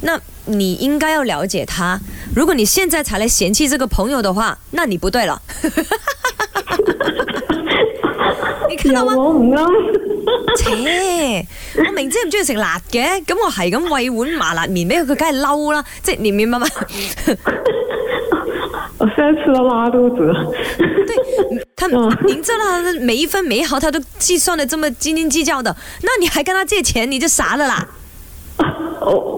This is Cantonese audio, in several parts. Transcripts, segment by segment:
那你應該要了解他。如果你現在才來嫌棄這個朋友的話，那你不對了。 你看到嗎？切、 欸！我明知唔中意食辣嘅，咁我係咁餵碗麻辣麵俾佢，佢梗係嬲啦。這你明白嗎？ 我現在吃到拉肚子 對，他，明知道他的每一分每一毫他都計算的這麼斤斤計較的，那你還跟他借錢，你就傻了啦。哦。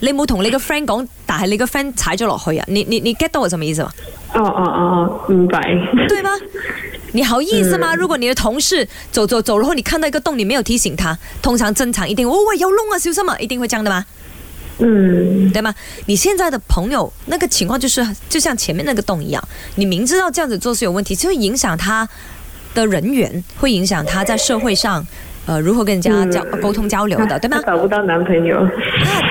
你冇同你個 friend 講，但係你個 friend 踩咗落去啊！你你你 get 到我什麼意思嗎？哦哦哦，哦，明白對嗎？你好意思嗎？如果你的同事走走走，然後你看到一個洞，你沒有提醒他，通常正常一定哦喂有窿啊，小心啊，一定會這樣的嗎？嗯，對嗎？你現在的朋友那個情況就是，就像前面那個洞一樣，你明知道這樣子做是有問題，就會影響他的人緣，會影響他在社會上，呃，如何跟人家交、嗯、溝通交流的，對嗎？他找不到男朋友。哎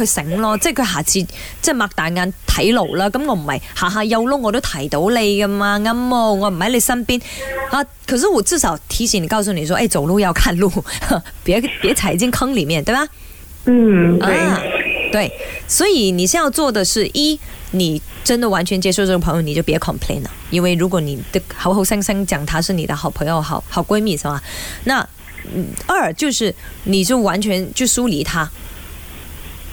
佢醒咯，即係佢下次即係擘大眼睇路啦。咁我唔係下下有窿我都睇到你噶嘛，啱唔？我唔喺你身邊啊。可是我至少提醒你，告訴你說，誒、哎，走路要看路，別別踩進坑裏面，對吧？嗯，對，啊、對。所以你先要做的是一，你真的完全接受這個朋友，你就別 complain 啦。因為如果你的口口聲聲講他是你的好朋友、好好閨蜜，是嘛？那、嗯、二就是你就完全就疏離他。